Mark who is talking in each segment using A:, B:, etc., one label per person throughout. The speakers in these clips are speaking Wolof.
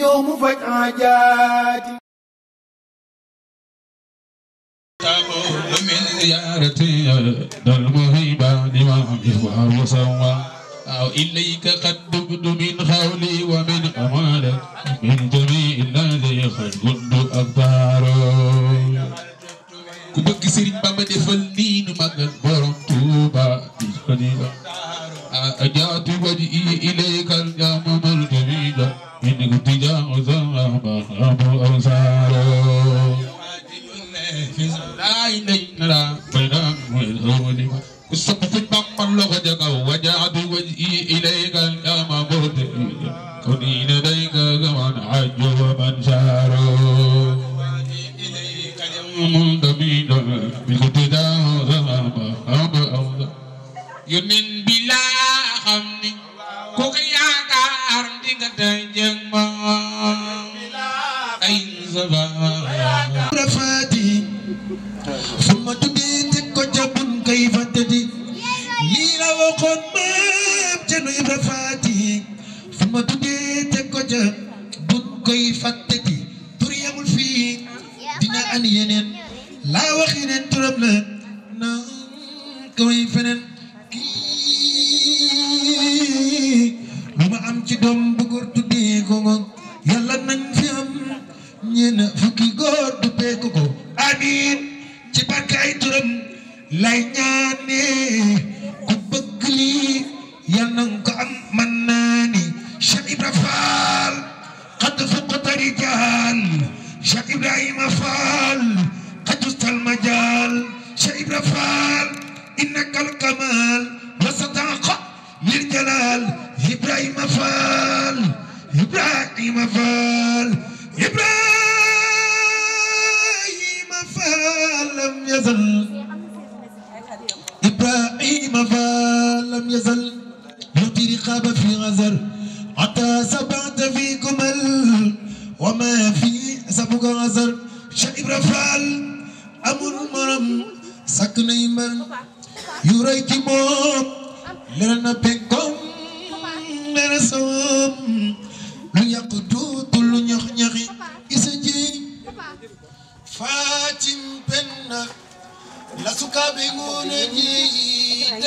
A: ñëw mu faj aajaati من زيارتي المهيبة لما يفعل سوى
B: أو إليك قد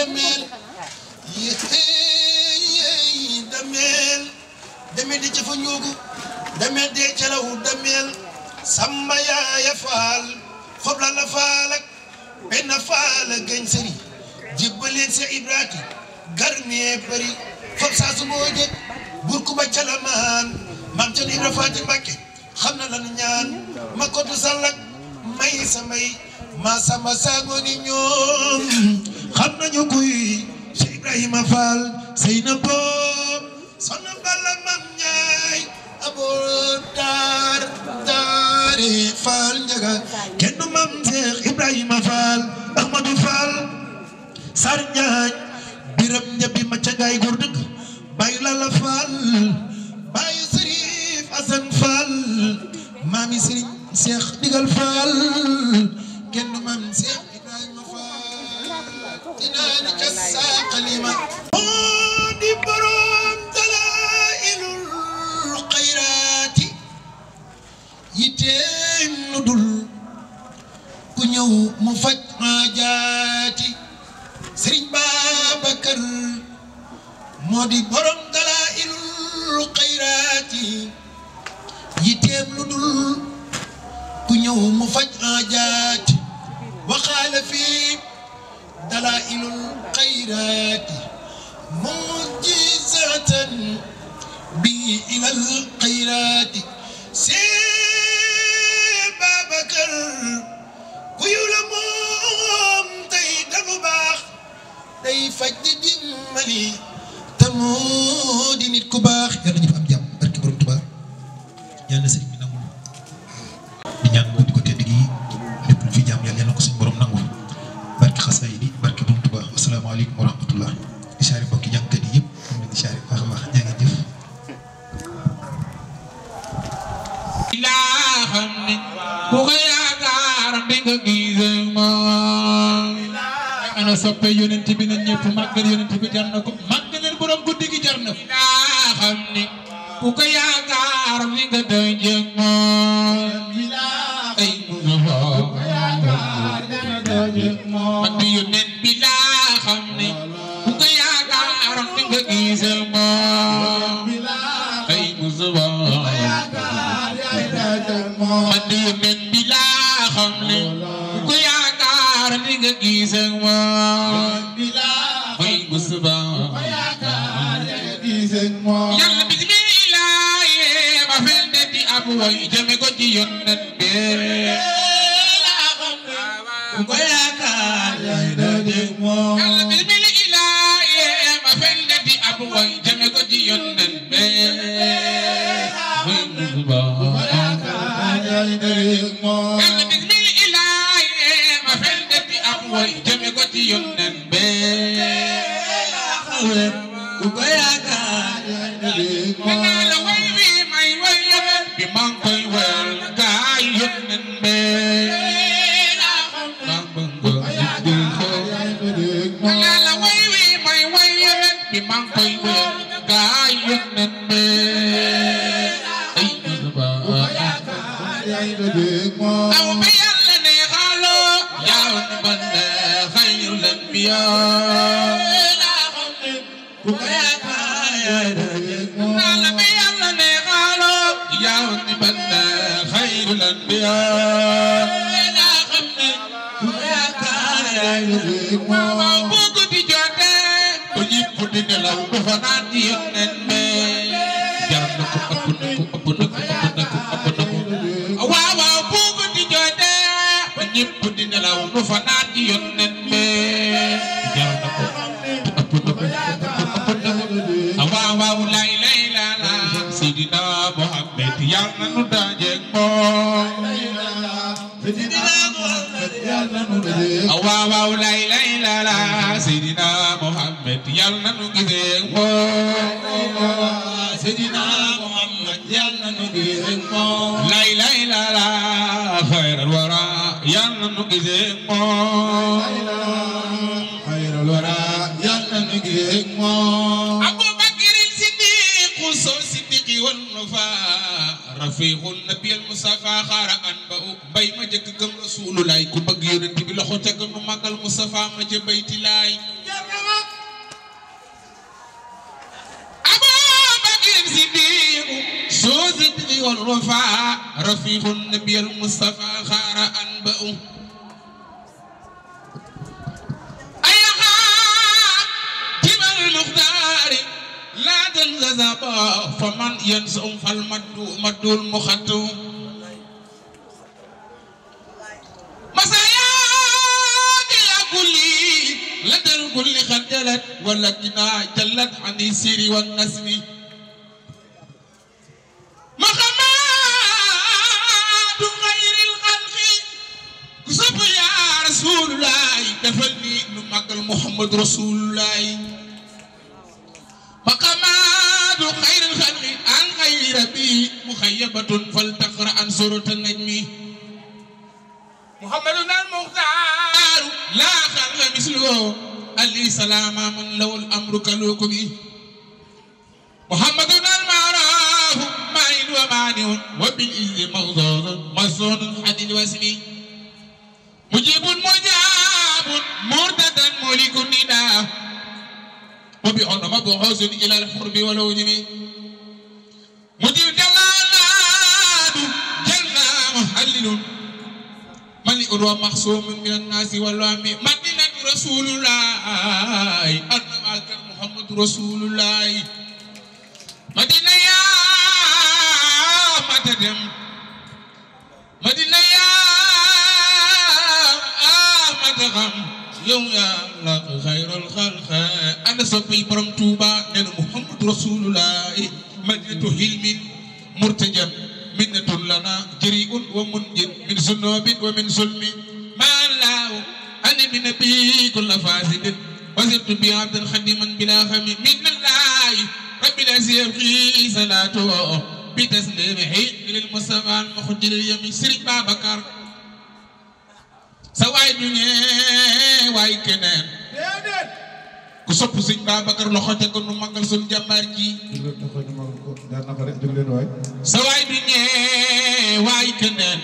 B: dameel yéey yéey dameel dameel di dameel dee ca dameel samba yaaya faal xob la benn faal ak gañ sëri jébbaleen sa bari xob saa burkuba ca la maan faati mbàkke xam na lanu ñaan ma ko du sallak may masa masa ngoni ñoom xam nañu kuy Cheikh Ibrahima Fall Seyna Bob Soxna Balla Mam Njaay aboon daar daari Fall njaga kenn du mam Cheikh Ibrahima Fall Ahmadou Fall Sar Njaay Biram Njabi ma cangaay góor dëgg Baay Lalla Fall Baay Serif Asan Fall maami Serigne Cheikh Digal Fall genn di borom dalaa'ilul xayraati yitteem nu dul ku ñëw mu
C: faj aajaati di borom dalaa'ilul xayraati
B: yitteem nu dul ku ñëw mu وقال في دلائل الخيرات معجزة بي إلى الخيرات سيبا بكر
A: ويلمون
B: تيدم باخ تي فجد ملي تمودي نتكباخ يا رجب بركي بركب رمتباخ
D: يا نسري asalaamaaleykum wa rahmatullah isaari bokki jàngkat yi yëpp am na isaari baax a baax
B: jaa ko yaakaar di nga gis ma ana soppe yonent bi na ñëpp màggal yonent bi jar ko màggal leen borom guddi gi ko ay mu محمد من بلا خمل ku yaakaar ni nga gis ak moom bila fay Mustafa ku yaakaar ni nga gis ak moom yàlla bismillah ma fende di am way jëme ko ci yonent bi nekk gëm rasulullaay ku bëgg yonent bi loxo teg nu màggal Mustafa ma ca bayti laay صوتي والرفاع رفيق النبي المصطفى خار أنبأ أيها جبل المختار لا تنزل فمن ينسى فالمد مد المختوم كل جلت عن السير والنسم مخمات غير الخلق كسب يا رسول الله دفلني نمك محمد رسول الله مقامات خير الخلق عن غير بي مخيبة فلتقرأ عن سورة النجم محمد المختار لا خلق مثله اللي سلام من لو الأمر كلوك به محمد المعراف معين ومعني وبالإذن مغضاض مصون حد واسمي مجيب مجاب مرتد ملك النداء وبأن مبعوث إلى الحرب والوجب مجيب مذكور ومخصوم من الناس والوام مدينة رسول الله أنما كان محمد رسول الله مدينة يا مددم مدينة يا مدغم يوم يا الله خير الخلق أنا صبي برم توبا محمد رسول الله مدينة حلم مرتجب من تلنا جريء ومنجد من سنوب ومن سلم ما الله أن من نبي كل فاسد وزرت بعبد خدما بلا خم من الله رب الذي يبقي صلاته حيث للمصطفى المخجل اليمين سري بابكر سواي دنيا واي كنان ku sopp sëñ Babacar loxo te ko sa waay du ñee waay keneen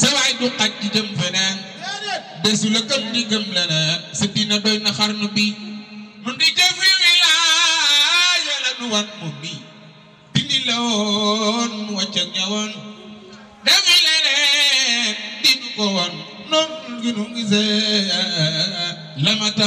B: sa waay du xaj ci jëm feneen la gëm di gëm dina doy na xarnu bi nun di jëfi wilaaya la nu wan moom bi dindi la woon wàcc ak di ko wan noonu gi nu gisee la ma ta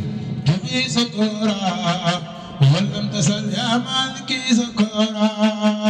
B: مالكي سكورا ولم تسل يا مالكي سكورا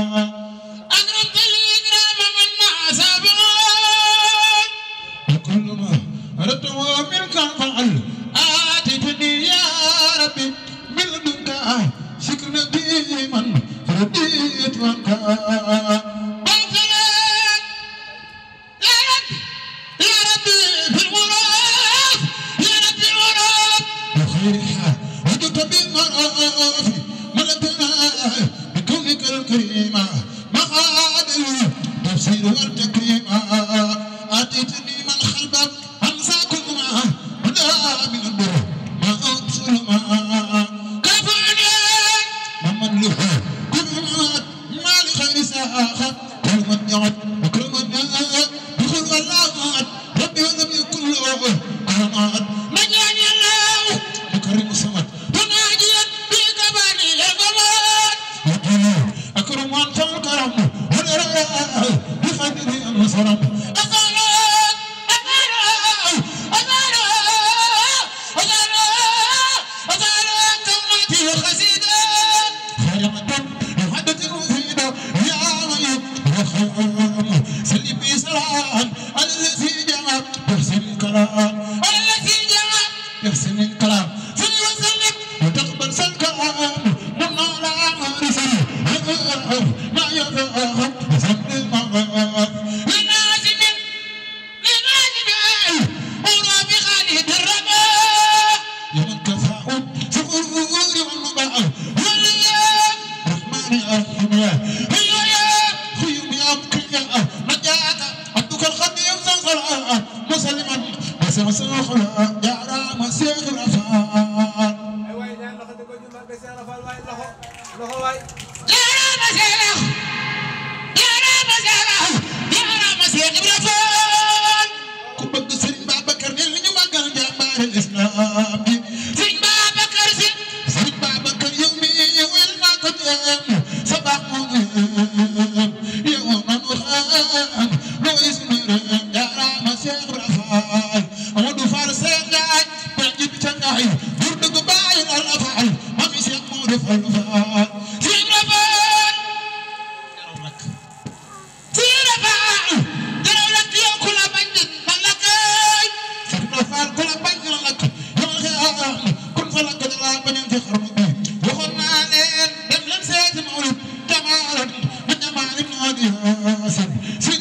B: Sadi Hassan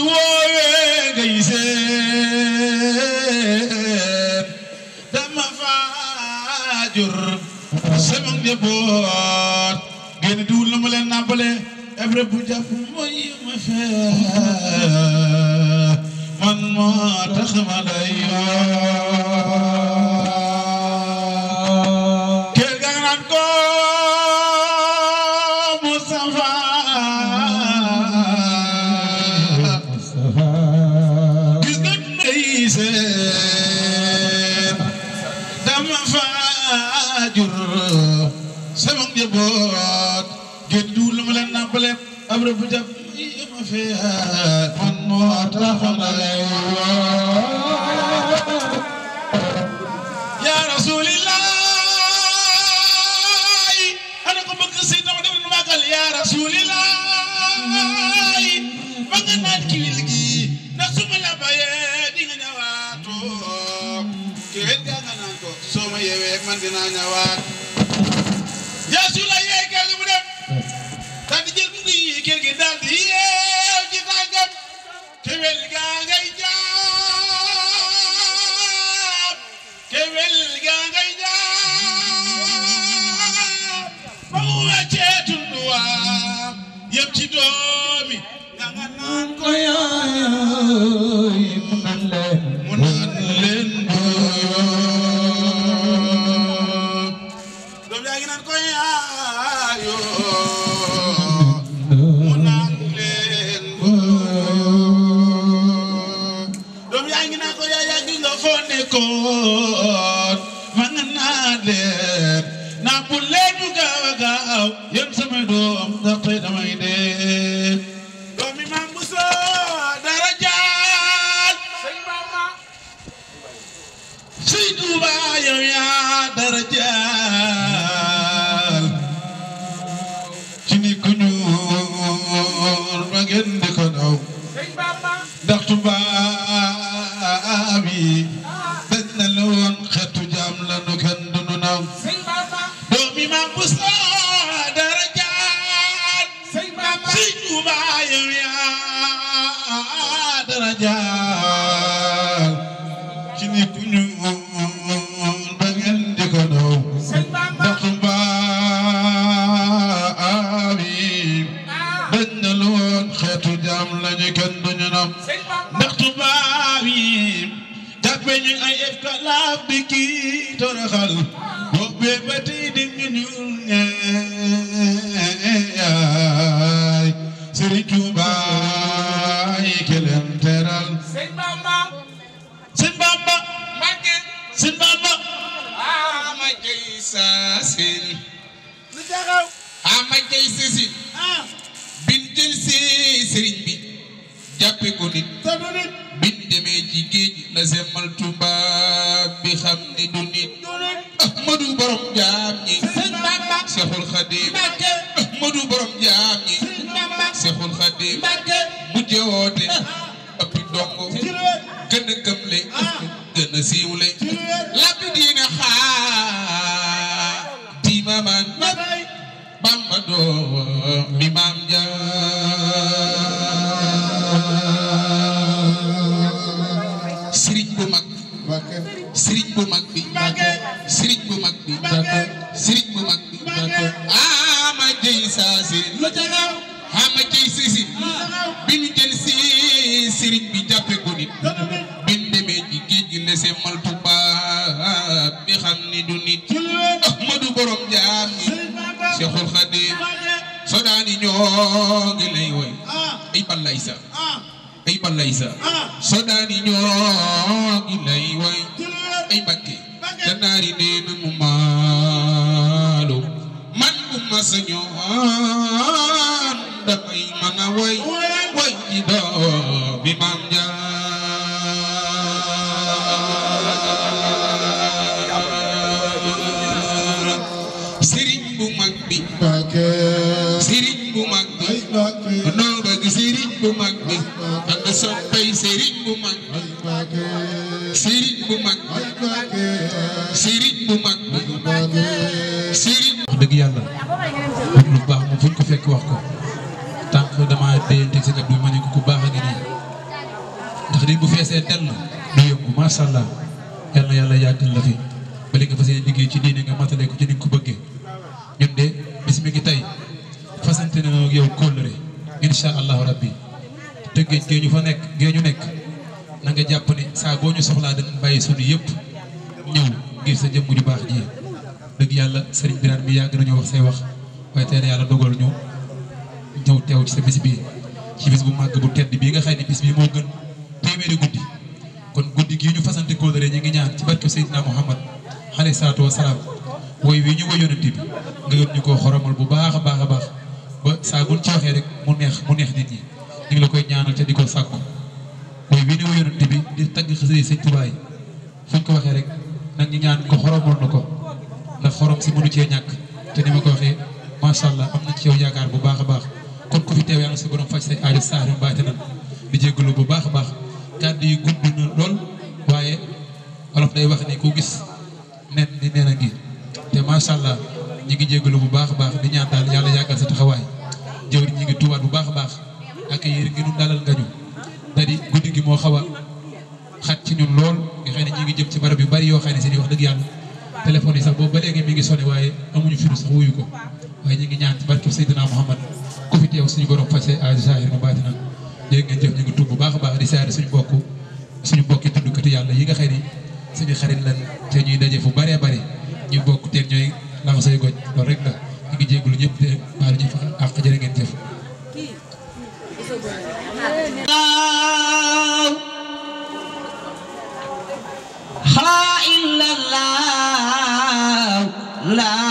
B: du woowee ngay seet dama faa jur sama njaboot génn diwul leen nàmpale ebre bu jàpp mooy ma fee man moo tax ma day أمر بجميع فيها من وأطرافنا يا رسول الله أنا كم بقصي تمدم المقال يا رسول الله بقنا كيلكي نسمع لبايا دينا واتو كيف كنا نقول سوما يبي من دينا وات يا رسول الله ci doom du nit Ahmadu ñoo ngi lay woy ay ballay sa ay ballay sa sodaani ñoo ngi lay woy ay Mbàkke ganaari na mu
D: rek wax ko tank dama deenti ci abdou mané ko baax ak ni ndax di bu fessé del du yobbu ma sha Allah yalla yalla yagal la fi ba li nga fassé digé ci diiné nga matalé ko ci ni ko bëggé ñun dé bis mi tay fasante na ak yow kolere insha Allah rabbi te geej fa nek geeñu nek na nga japp ni sa bo soxla dañ bayyi suñu yépp ñew ngir sa jëm ju baax ji deug yalla serigne birane mi yag nañu wax say wax way yalla dogal ñu ñëw teew ci sa bis bii ci bis bu màgg bu tedd bii nga xëy ne bis bii moo gën téeméeri guddi kon guddi gi ñu fasante kóolare ñu ngi ñaan ci barke Seydina Muhammad alayhi salaatu wa salaam woy wi ñu ko yonent bi nga yóbbu ñu ko xoromal bu baax a baax a baax ba saa ci waxee rek mu neex mu neex nit ñi ñu la koy ñaanal te di ko sàkku woy wi ñu ko bi di tagg xasee sëñ Tuubaa yi fu ñu ko waxee rek nag ñu ñaan ko xoromal na ko ndax xorom si mënu cee ñàkk te ni ko waxee macha allah am na bu baax a baax. kon ko fi teew yàlla su borom faj say aajo saaru mbaate na di jégalu bu baax a baax kàddu yi gudd na lool waaye olof day wax ni ku gis nen di nen a ngi te macha allah ñi ngi jégalu bu baax a baax di ñaan daal yàlla yàggal sa taxawaay jëwri ñi ngi tuwaat bu baax a baax ak yéen ngi nu dalal nga ñu tadi guddi gi moo xaw a xat ci ñun lool nga xay ne ñi ngi jëm ci barab yu bari yoo xam ne seen wax dëgg yàlla téléphone yi sax boobu ba léegi mi ngi sone waaye amuñu firu sax ko waaye ñi ngi ñaan ci barke Seydina ku fi teew suñu borom faj say aaju saahir ma baati nag jëf ñu ngi baax baax di saari suñu bokk suñu bokki tuddkati yàlla yi nga xëy suñu xarit lan te ñuy daje fu bare bare ñu bokk teen ñooy lama say goj rek la ngi ñëpp ak ngeen jëf
E: la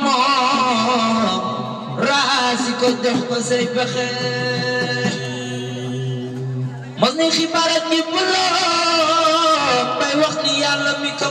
E: la moom raasi ko jox ko say pexe mos ni xibaar ak ñi bëloo bay wax ni yàlla mi ko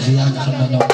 F: Sabihan ka na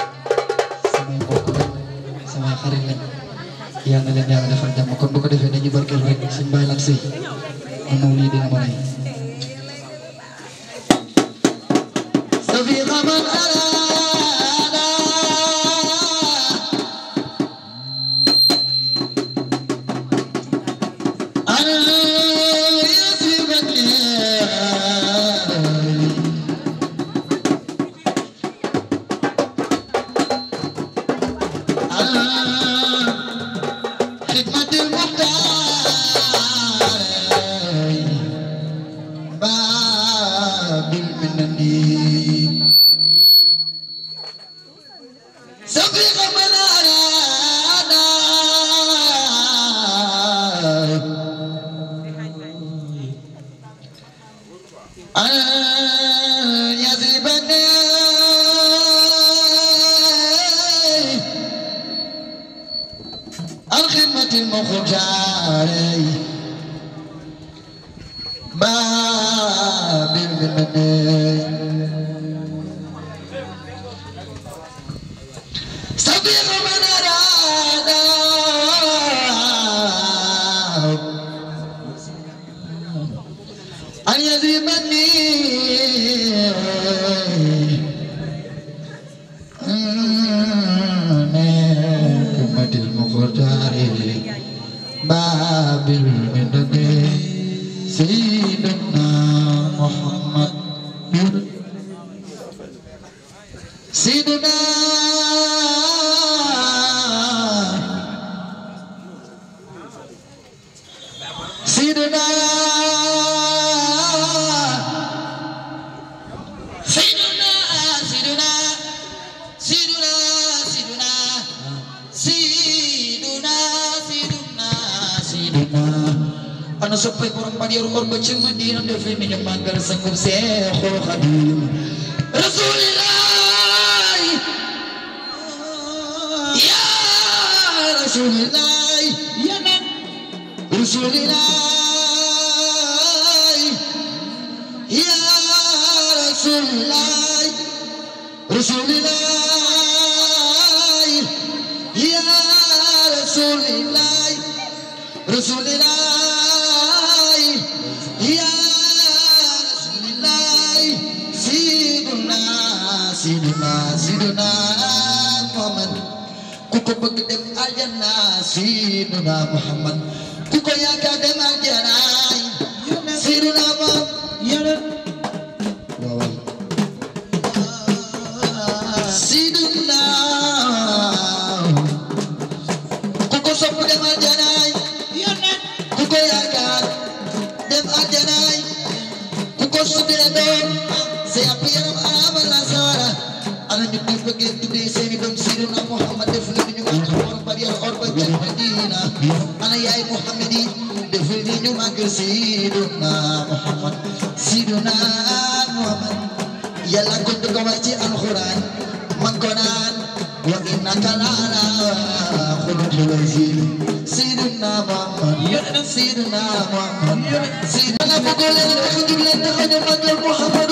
F: Ahmadi dafa ni ñu màggal Seydina Muhammad Seydina Muhammad yàlla ko dugg wax ci alxuraan man ko naan wa innaka la ala xuluqin aziim Muhammad
A: Seydina Muhammad Seydina bëgg leen Muhammad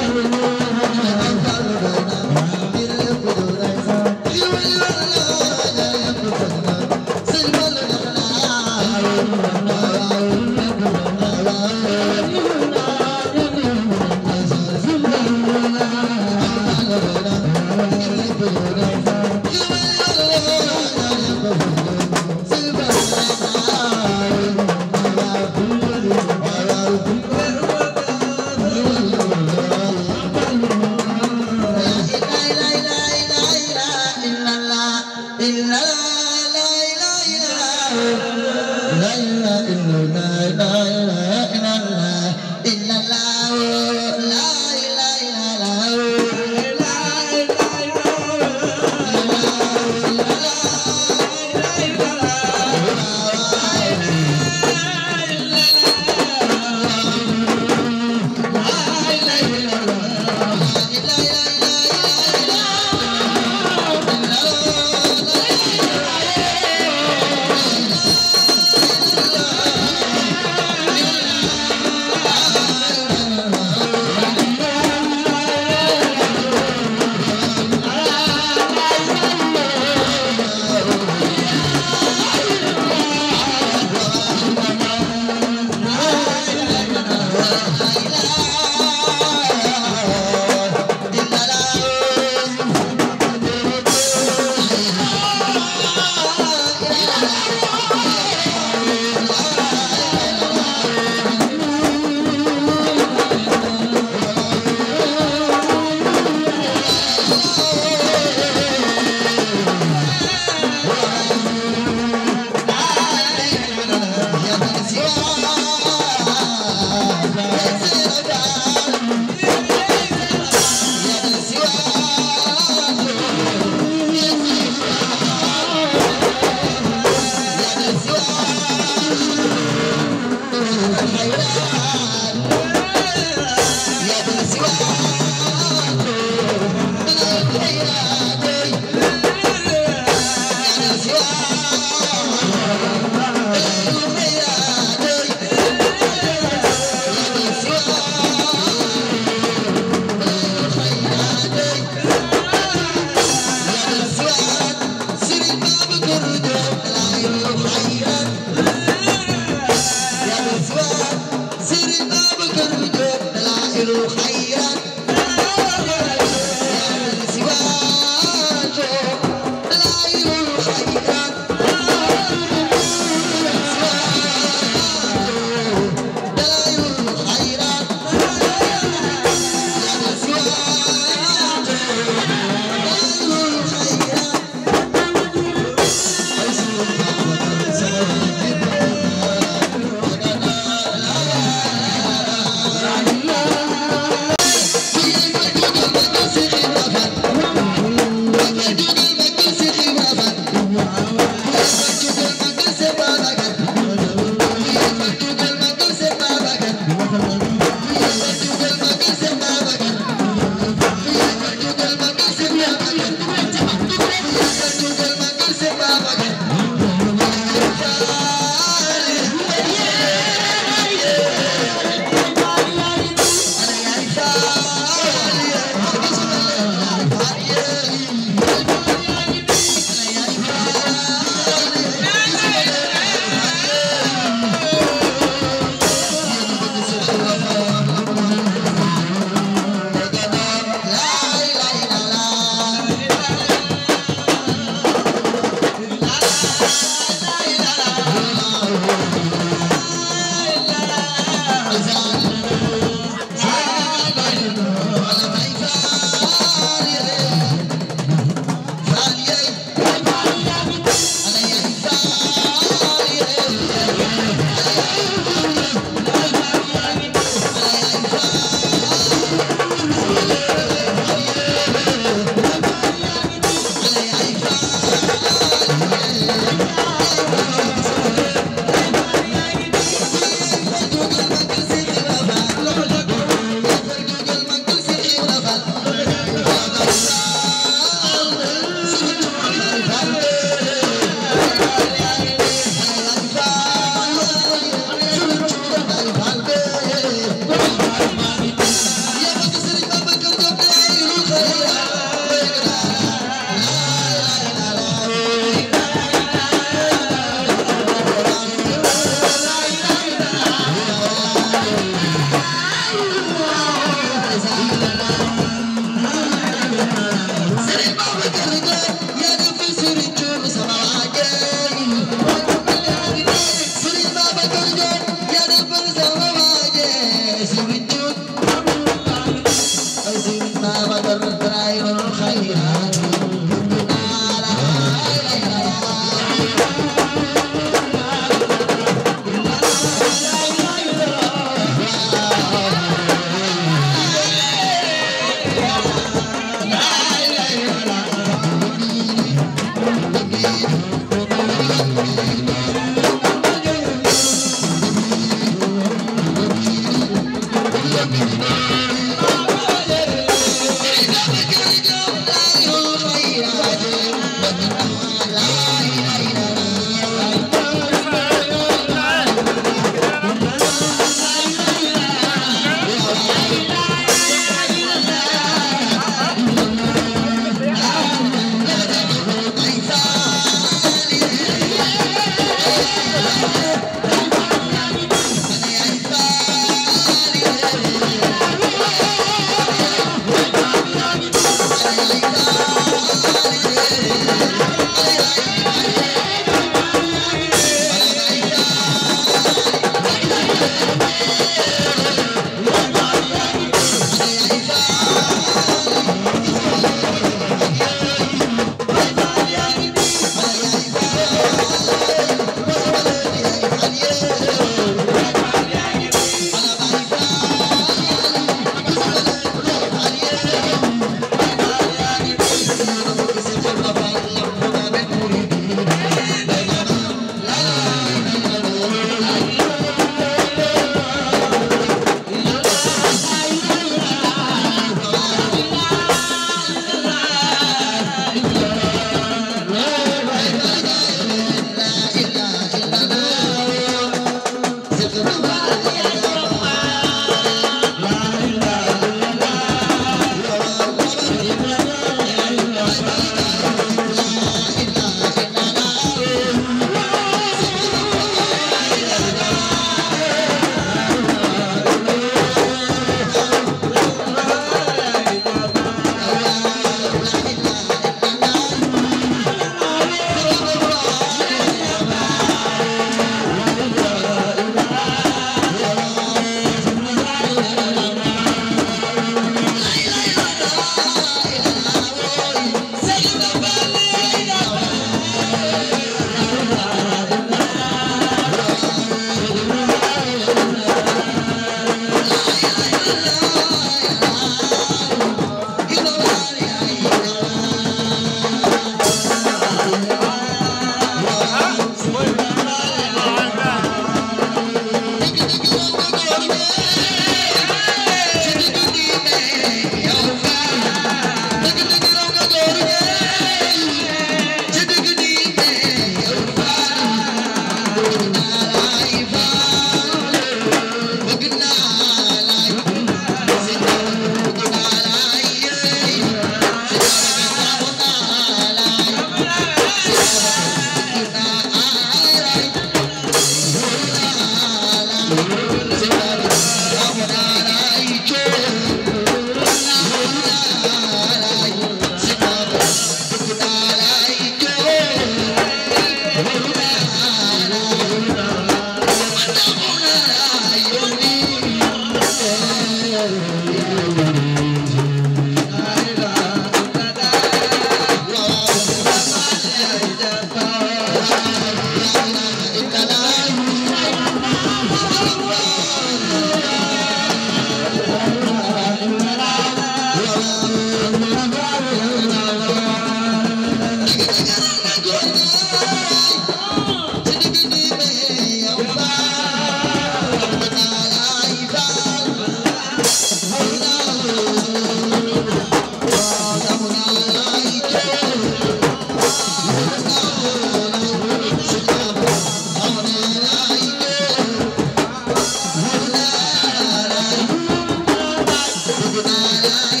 A: Yeah.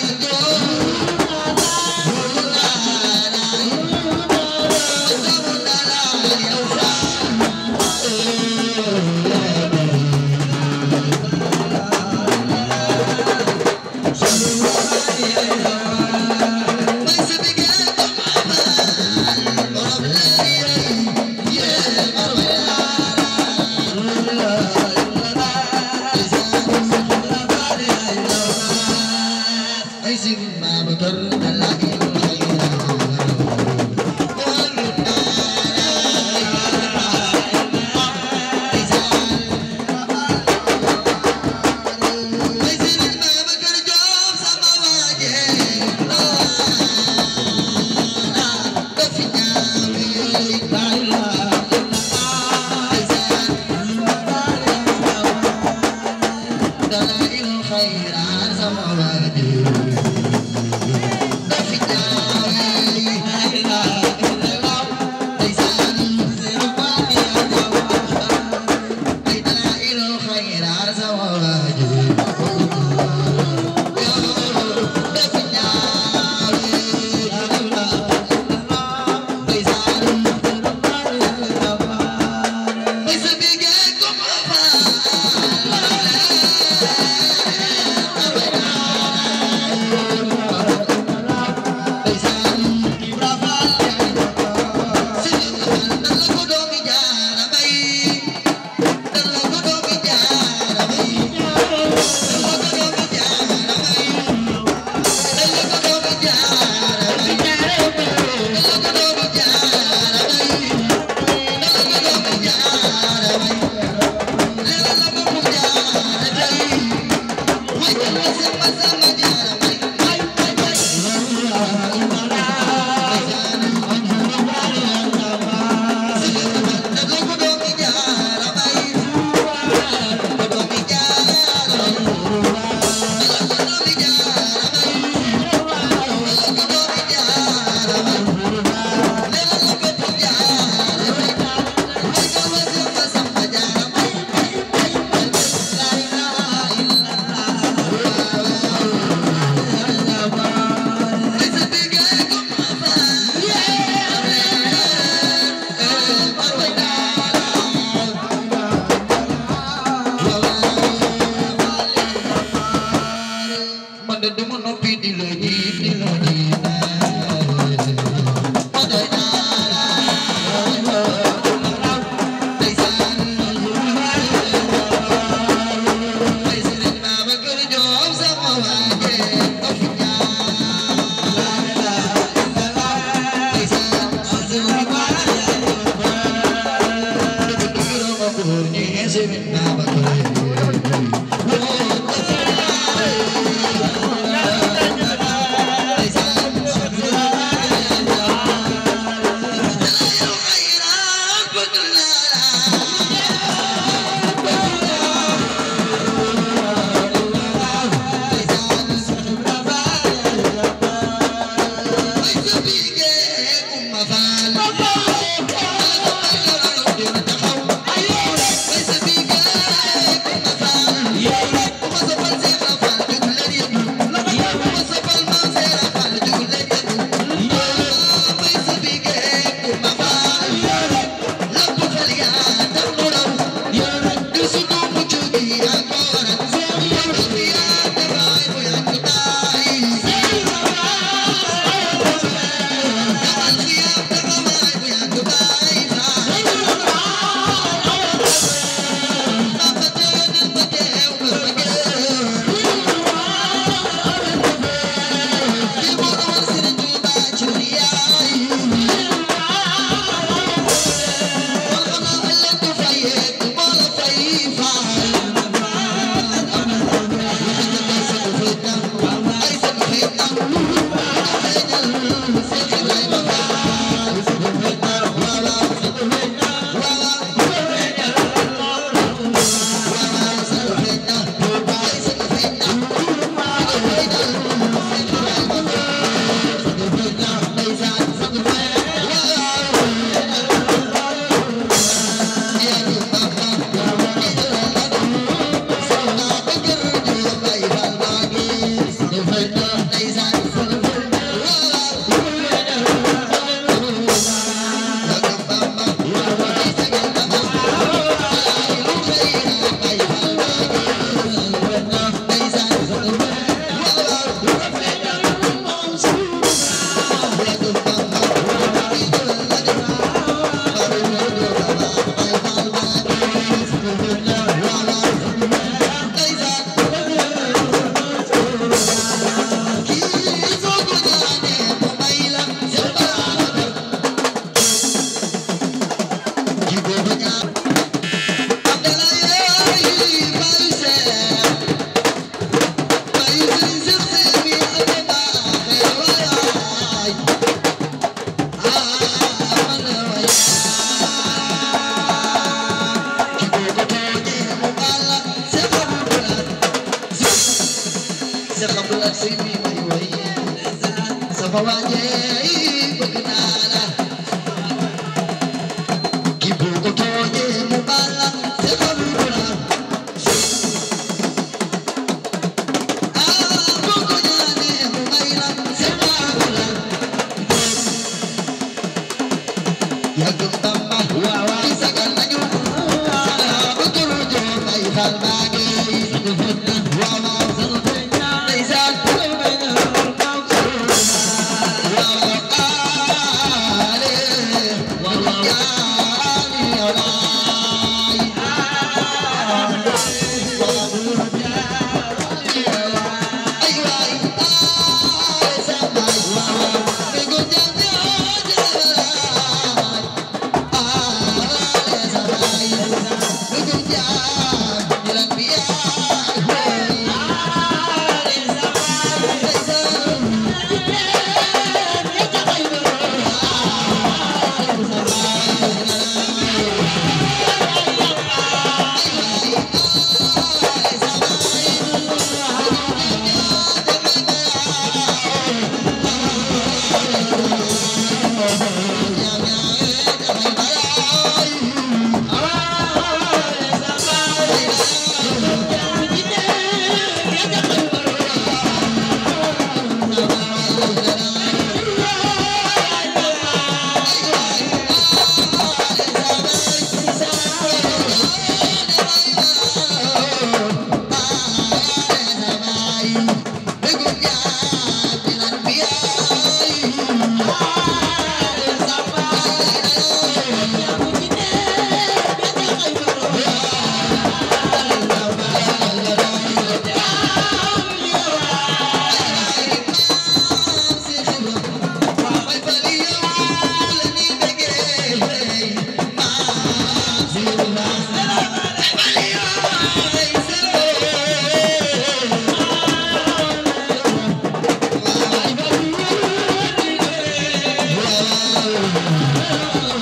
A: 감사합니다. 음.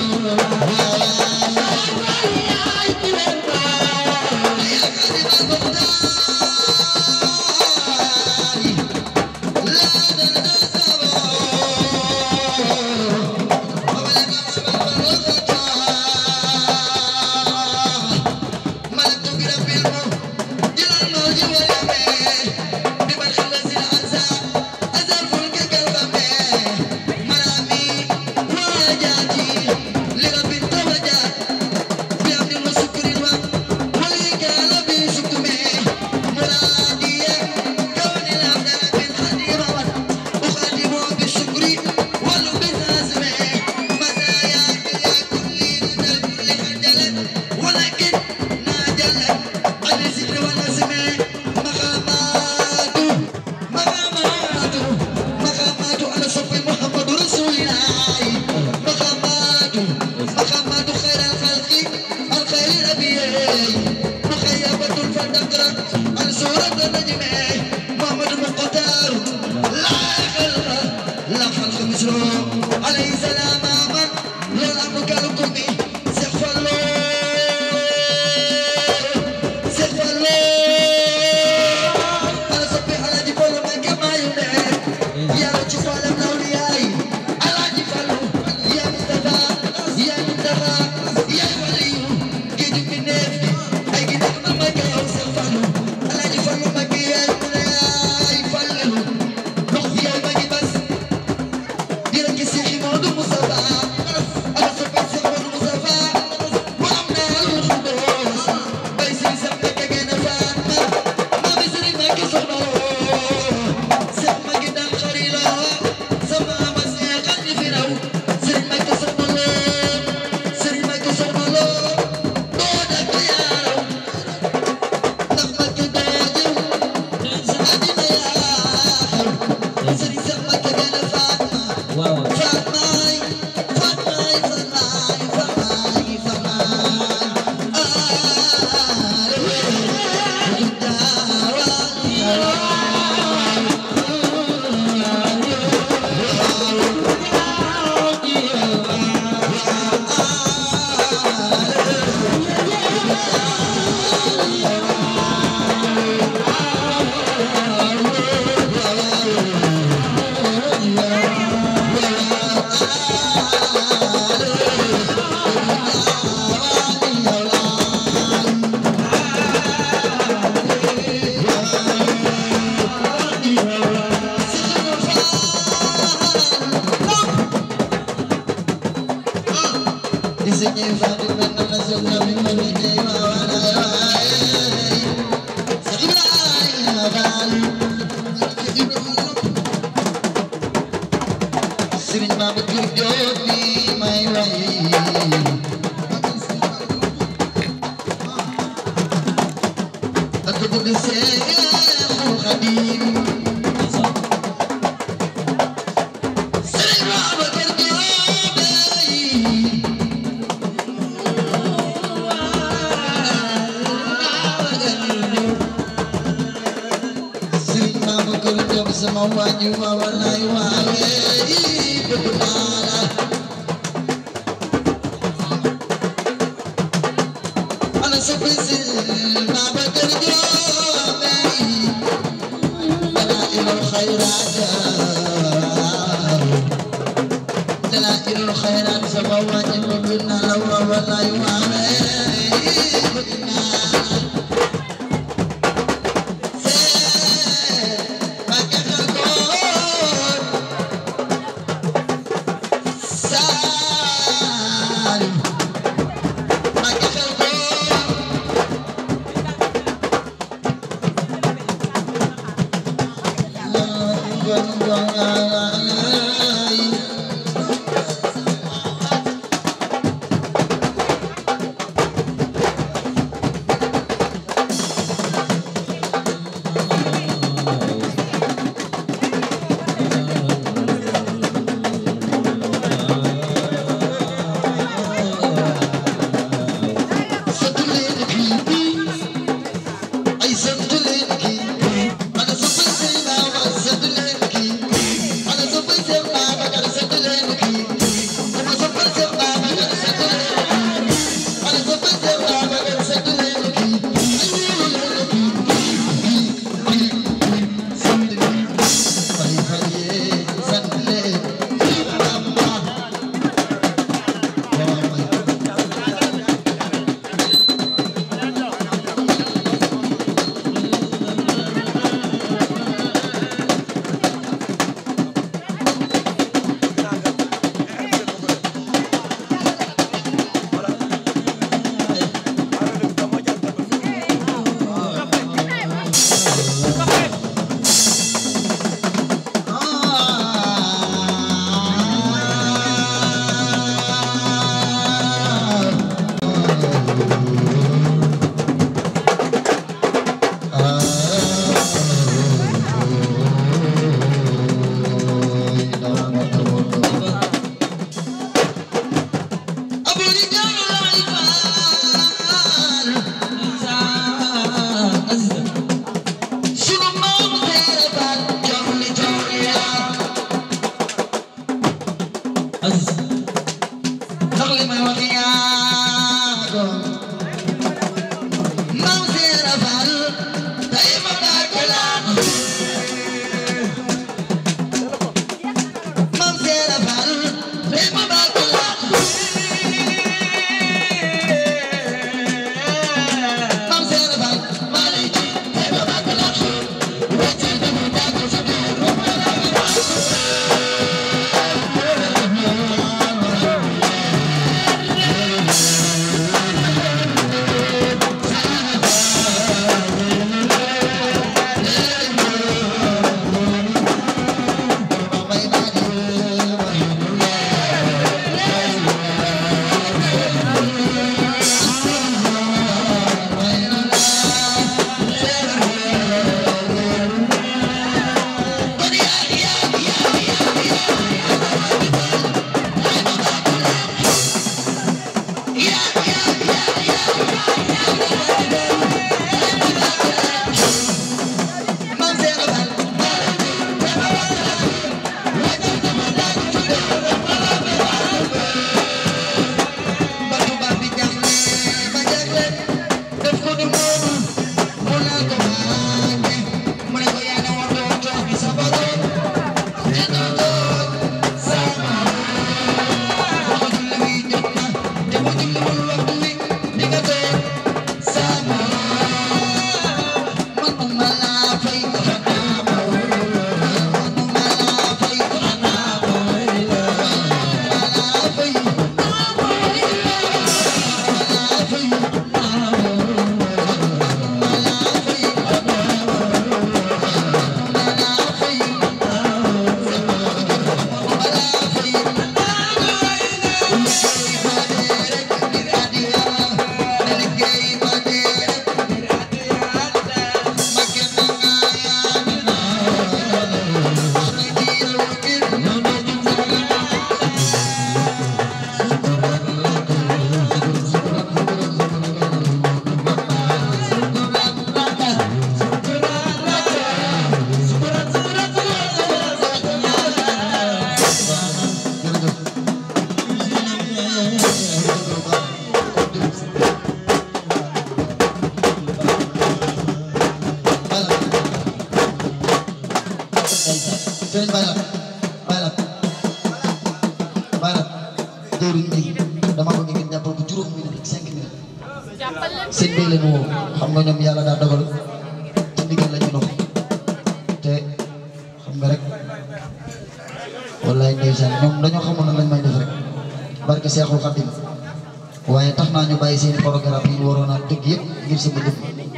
F: sama dëkk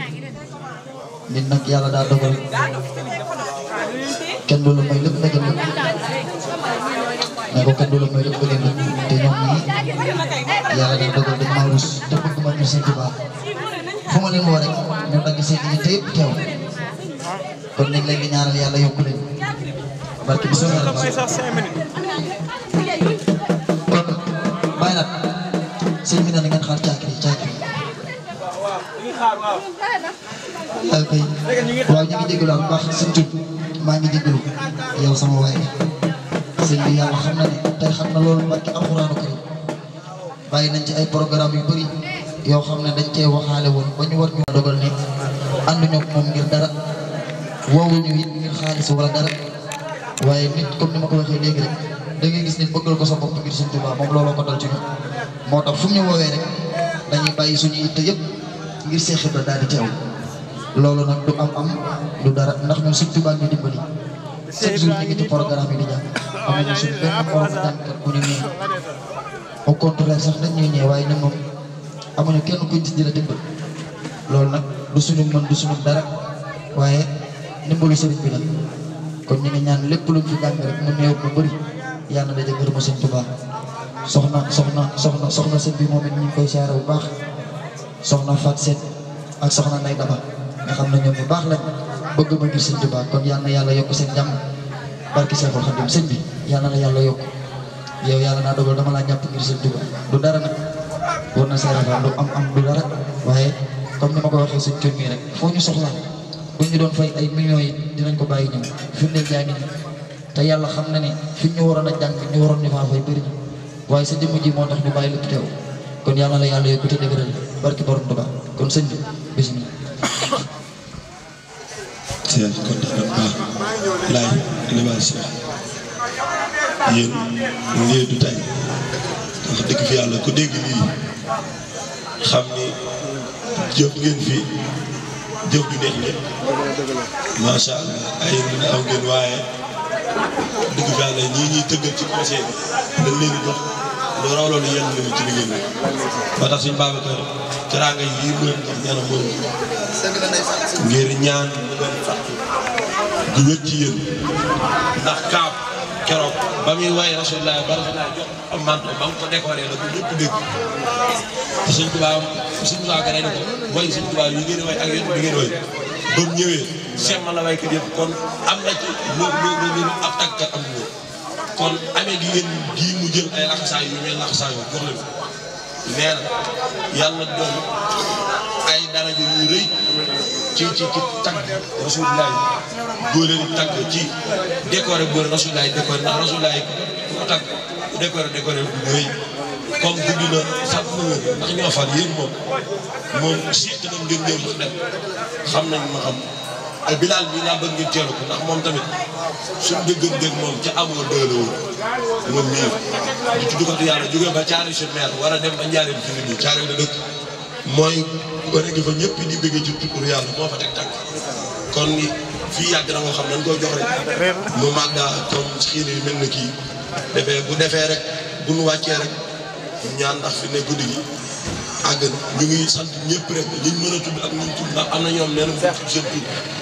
F: nit nag yàlla daa dogal kenn du la may lépp nga jënd mais boo kenn du dogal dañ maa rus te bëgg ma ñu seen tubaab fu ma leen woo rek ñu dagg seen yi te yëpp teew kon ñu ngi leen di
G: ñaanal
F: jégalu am baax sëñ maa ngi jégalu yow sama waay bi bi yàlla xam na ne tey xam na loolu barki alxuraanu karim bàyyi nañ ci ay programme yu bëri yoo xam ne dañ cee waxaale woon ba ñu war ñu dogal ne ànduñu ak ngir dara woowuñu it ngir xaalis wala dara waaye nit comme ni ma ko waxee léegi rek da ngay gis nit bëggal ko sa bopp ngir sëñ Tuubaa moom looloo ko dal ci moo tax fu mu ñu woowee rek dañuy bàyyi suñu yëpp ngir Seex Ibra daal di teew lolo nak du am am dara ndax ñun sëñ Tuubaa dimbali ci di jàng am na suñu benn borom jàngkat bu ñu ñëw au contraire sax dañ ñuy ñëw waaye ne moom amuñu kenn kuñ ci di dimbal loolu nag du suñu mën du suñu dara waaye ndimbalu sëriñ bi nag kon ñaan rek mu soxna soxna soxna soxna bi koy bu baax soxna te xam na ñoom bu baax lañ bëgg ma ngir sëñ Tuubaa kon yal na yàlla yokk seen jàmm barki Seexul Xadim sëñ yal na la yàlla yokk yow yàlla naa dogal dama laa jàpp ngir sëñ Tuubaa du dara nag na seerafa du am am du dara waaye comme ni ma ko ko bàyyi ñoom fi mu te yàlla xam na ne fi ñu waroon a jàng ñu waroon ñu faa fay bëri waaye sa jëmm ji moo tax ñu bàyyi lépp teew la barki borom
G: Tuubaa kon sëñ bi bisimilah leen kontaan na baax du tey wax dëgg fi yàlla ku dégg lii xam ni jëf ngeen fi jëf du neex ñëpp macha allah ay nit am ngeen waaye dëgg fi yàlla ñii ñuy tëggal ci conseil bi leen di jox lu raw loolu yéen nañu ci liggéey bi ba moom ngir ñaan du wér ci ndax kaab keroog ba muy waaye rasulullah ba rasulullah jox am manto ba mu ko décoré la ko ñëpp dégg te suñ tubaab suñ tubaab gën a ko way suñ tubaab yi ngeen di ak yéen bi ngeen way ba ñëwee seet ma la waykat yëpp kon am na ci loolu loolu ab tàggat am na kon amee gi ngeen gii mu jël ay laxasaay yu mel laxasaay yu jox leen nee na yàlla doon ay daraja yu rëy ci ci ci tagg rasulilaay góor leen tagg ci décoré góor rasulilaay décoré ndax rasulilaay ku ko tagg bu rëy comme guddi na sant na wér ndax far yéen moom moom siit na ngeen ñëw sax dem xam nañ ma xam ay bilaal mii laa bëgg ngeen teeru ko ndax moom tamit suñu dëgg-dëgg moom ca amoo deux
B: moom mii
A: ci duggatu
G: yàlla jógee ba caari sur mer war a dem ba njaareem fi mu nii caari la mooy rek fa ñëpp di bëgg yàlla moo fa teg kon fii yàgg na nga xam dañ koy jox rek mu màgga comme mel na kii defee bu defee rek bu nu wàccee rek ñaan ndax fi ne guddi gi àgg ñu ngi sant ñëpp rek liñ mën a tudd ak ñun tudd ndax am na ñoom nee na seen tudd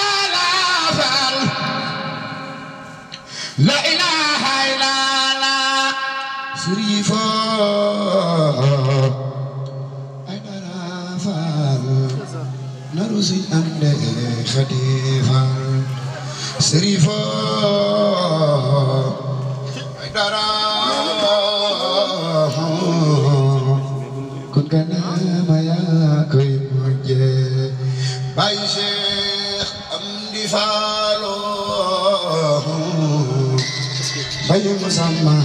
C: خليفا سريفا حيدرا كن كلام يا كوي مجي باي شيخ أمدي فالو باي مسمى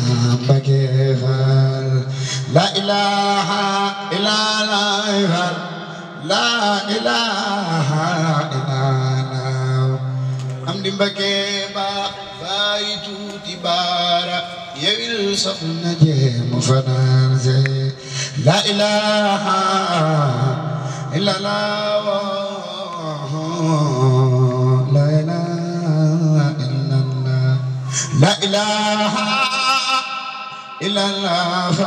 C: بكيفال لا إله إلا الله لا إله di Mbakke baax faay tuuti baara yewil soxna jéem fanaan se
D: la ilaha
C: illallah la ilaha illallah la ilaha illallah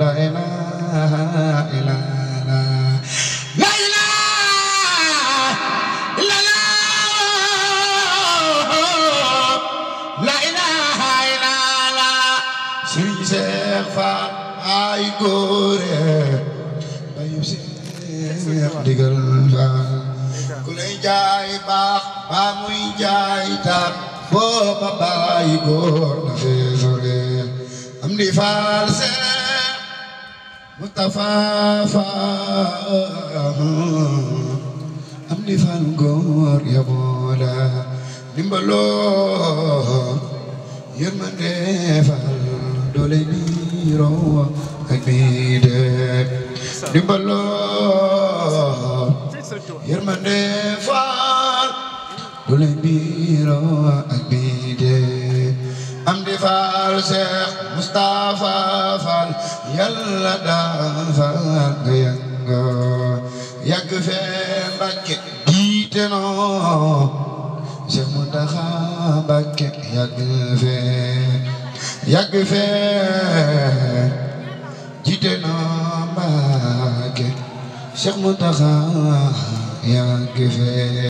C: la ilaha illallah ay góore bayib faal ku lay am di faal see Mustafa faal am di faal góor faal doole nii خيرا حميدا دبلا يرمن فار دول بيرا حميدا أم دفال شيخ مصطفى فال يلا دافال ينغا يغ في مكة جيتنا شيخ متخابك يغ في yàgg fee jiite naa Mbàkke Cheikh Mountakha yàgg fee